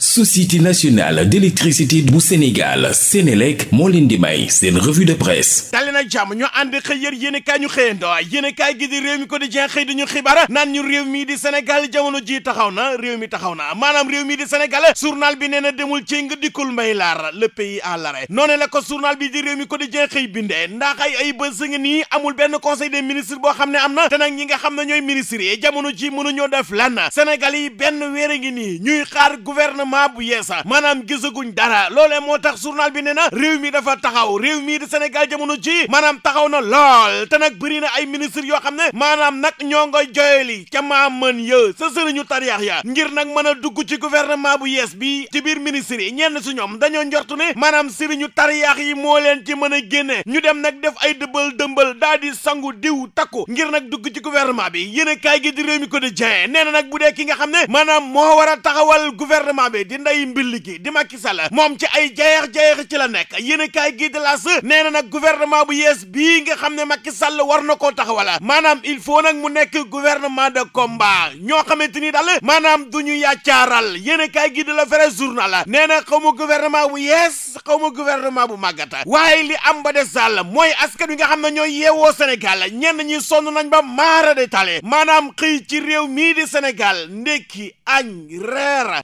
société nationale d'électricité bu Sénégal Sénélec moo leen di may seen revue de presse dali nag jàmm ñu ànd xëy yër yéen i kaay ñu xëyando yéen i kaay gi di réew mi ko di jenxëy di ñu xibaar naan ñu réew mi di Sénégal jamono ji taxaw na réew mi taxaw na maanaam réew mi di Sénégal journal bi nee na demul ci nga dikkul mbay laar le pays à l'arrêt noonu la ko journal bi di réew mi ko di jenxëy bindee ndax ay ay bës nga nii amul benn conseil des ministres boo xam ne am na te ñi nga xam ne ñooy ministres yi jamono ji mënuñoo def lan Sénégal yi benn wéer a ngi nii ñuy gouvernement bu yeesa maanaam gisaguñ dara loole moo tax journal bi nee na réew mi dafa taxaw réew mii di Sénégal jamono ji maanaam taxaw na lool te nag bëri na ay ministre yoo xam ne maanaam nag ñoo nga joyeli ca maa mën yë sa sëriñu tariyax ya ngir nag mën a dugg ci gouvernement bu yees bi ci biir ministres yi ñenn su ñoom dañoo njortu ne maanaam sëriñu tariyax yi moo leen ci mën a génne ñu dem nag def ay dëbbal dëmbal daa di sangu diw takku ngir nag dugg ci gouvernement bi yéen kaay gi di réew ko di nee na nag bu dee ki nga xam ne maanaam moo war a taxawal gouvernement bi boobee di nday mbilli gi di Macky Sall moom ci ay jayeex-jayeex ci la nekk yéen a kaay gi de las nee na nag gouvernement bu yees bii nga xam ne Macky Sall war na ko tax taxawala maanaam il faut nag mu nekk gouvernement de combat ñoo xamante ni dal maanaam du ñu yàccaaral yéen a kaay gi la vrai journal la nee na xaw ma gouvernement bu yees xaw ma gouvernement bu màggata waaye li am ba des daal mooy askan wi nga xam na ñooy yeewoo Sénégal ñenn ñi sonn nañ ba maara de tale maanaam xëy ci réew mii di Sénégal ndekki añ reer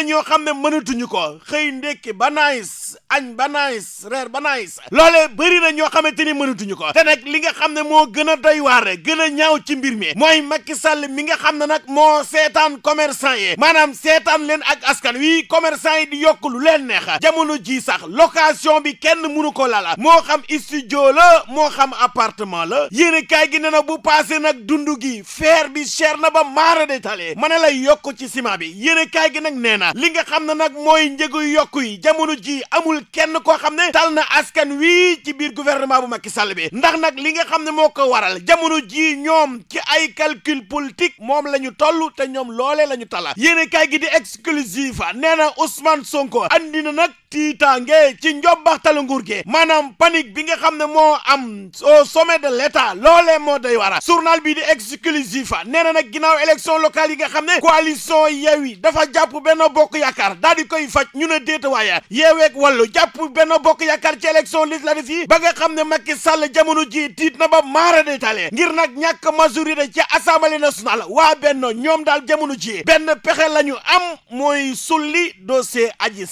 na ñoo xam ne mënatuñu ko xëy ndekki ba naayis añ ba naayis reer ba naayis loolee bëri na ñoo xamante ni mënatuñu ko te nag li nga xam ne moo gën a doy waare gën a ñaaw ci mbir mi mooy Macky Sall mi nga xam ne nag moo seetaan commerçant yi maanaam seetaan leen ak askan wi commerçant yi di yokk lu leen neex jamono jii sax location bi kenn mënu ko lala moo xam studio la moo xam appartement la yéen kaay gi ne na bu passé nag dund gi fer bi cher na ba maara de tale mën na lay yokk ci ciment bi yéen kaay gi nag nee li nga xam ne nag mooy njëgu yokk yi jamono ji amul kenn koo xam ne tal na askan wi ci biir gouvernement bu makki Sall bi ndax nag li nga xam ne moo ko waral jamono ji ñoom ci ay calcul politique moom la ñu toll te ñoom loole la ñu tala yéene kaay gi di exclusif nee na Ousmane Sonko andi na nag tiitaange ci njobbaxtalu nguur gi maanaam panique bi nga xam ne moo am au sommet de l'état loolee moo day wara journal bii di exclusif nee na nag ginnaaw élection locale yi nga xam ne coalition Yewwi dafa jàpp benn bokk yaakaar daal di koy faj ñu ne déet waaye yeeweeg wàllu jàpp benn bokk yaakaar ci élection législative yi ba nga xam ne Macky Sall jamono ji tiit na ba maara de tale ngir nag ñàkk majorité ci assemblée nationale waa benn ñoom daal jamono ji benn pexe la ñu am mooy sulli dossier Adji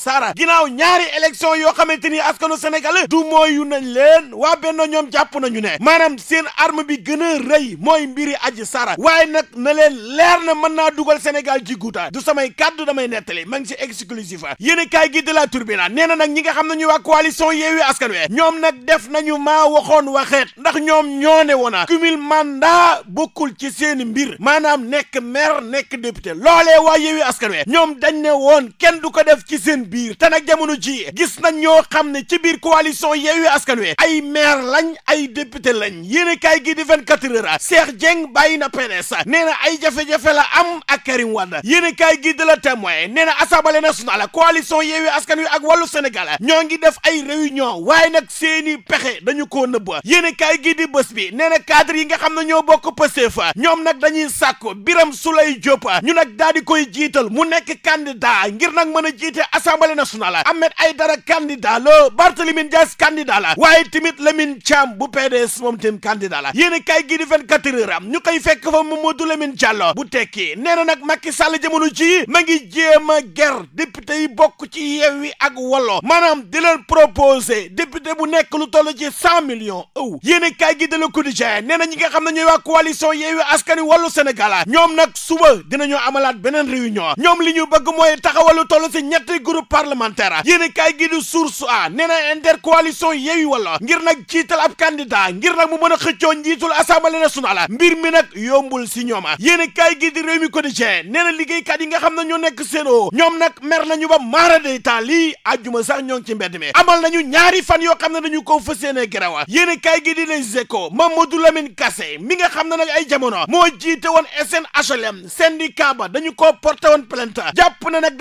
ñaari élection yoo xamante ni askanu Sénégal du mooyu nañ leen waa benn ñoom jàpp nañu ne maanaam seen arme bi gën a rëy mooy mbiri aj sara waaye nag na leen leer na mën naa dugal Sénégal ci du samay kàddu damay nettali ma ngi ci exclusif yéen kaay gi de la turbina nee na nag ñi nga xam ne ñuy waa coalition yeewi askan wi ñoom nag def nañu maa waxoon waxeet ndax ñoom ñoo ne woon cumul mandat bokkul ci seen mbir maanaam nekk maire nekk député loolee waa yeewi askan wi ñoom dañ ne woon kenn du ko def ci seen biir ji gis nañ ñoo xam ne ci biir coalition Yewwi Askan Wi ay maire lañ ay député lañ yéen kaay gi di 24 heures Cheikh Dieng bàyyi na PDS nee na ay jafe-jafe la am ak Karim Wade yéen kaay gi de la témoin nee na assemblée nationale coalition Yewwi Askan Wi ak wàllu Sénégal ñoo ngi def ay réunion waaye nag seeni pexe dañu ko nëbb yéen kaay gi di bés bi nee na yi nga xam ne ñoo bokk Pastef ñoom nag dañuy sàkk biram sulay Diop ñu nag daal di koy jiital mu nekk candidat ngir nag mën a jiite assemblée nationale Ahmed Aïdara candidat la Barthélémy Dias candidat la waaye tamit Lamine Thiam bu PDS moom tamit candidat la yéen a kaay gii di 24 heures am ñu koy fekk fa Mamadou Lamine Diallo bu tekki nee na nag Macky Sall jamono ji ma ngi jéem a ger député yi bokk ci Yewwi ak Wallu maanaam di leen proposé député bu nekk lu toll ci cent millions aw yéen a kaay gii de Le Quotidien nee na ñi nga xam ne ñooy waa coalition Yewwi Askan Wi Wallu Sénégal ñoom nag suba dinañu amalaat beneen réunion ñoom li ñu bëgg mooy taxawal lu toll ci ñetti groupe parlementaire yéen kaay gi du source a nee na intercoalition Yewwi Wallu ngir nag jiital ab candidat ngir nag mu mën a xëccoo njiitul assemblée nationale mbir mi nag yombul si ñooma yéen kaay gi di réew mi quotidien ne na liggéeykat yi nga xam na ñoo nekk séenoo ñoom nag mer nañu ba maara day taal lii àjjuma sax ñoo ngi ci mbedd mi amal ñaari fan yoo xam ne dañu ko fas yéene gerawa yéen kaay gi di Les Échos Mamadou Lamine Kassé mi nga xam na nag ay jamono moo jiite woon SNHLM syndicat ba dañu ko porté woon plainte jàpp na nag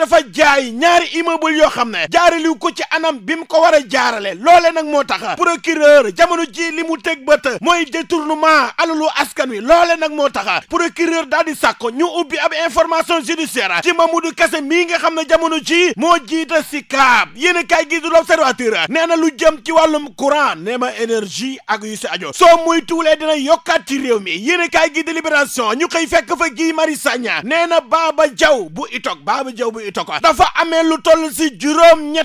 jaaraliw ko bi ko war a jaarale loole nag moo tax procureur jamono ji li mu teg bët mooy détournement alalu askan wi loole nag moo tax procureur daal di sàkko ñu ubbi ab information judiciaire ci Mamadou Kassé mii nga xam ne jamono ji moo jiita si kaab yéen a kaay gi du l'observateur nee na lu jëm ci wàllum courant nee ma énergie ak yu si ajo soo muy tuulee dina yokkaat ci réew mi yéen a kaay gi de ñu koy fekk fa Guy Marius Sagna nee na Baba Diaw bu itok Baba Diaw bu itok dafa amee lu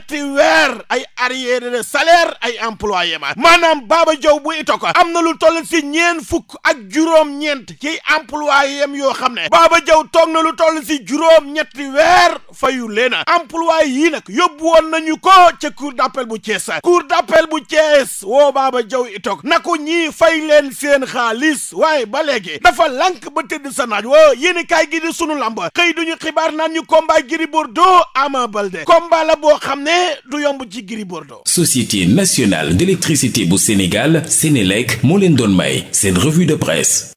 juróom-ñetti weer ay arriéré de salaire ay maanaam Baba Diaw bu Itoka am na lu toll si ñeen fukk ak juróom-ñeent ci employé am yoo xam ne Baba Diaw toog na lu toll si juróom-ñetti weer fayu leena employé yii nag yóbbu woon nañu ko ca cour d'appel bu Thiès cour d'appel bu Thiès woo Baba Diaw Itoka na ko ñii fay leen seen xaalis waaye ba léegi dafa lank ba tëdd sa naaj woo yéen kaay gi di sunu lamba xëy duñu xibaar naan ñu combat Gris doo Ama Baldé combat la xam ne du yomb ci Gris Bordeaux. société nationale d'électricité bu Sénégal Sénélec moo leen doon may seen revue de presse.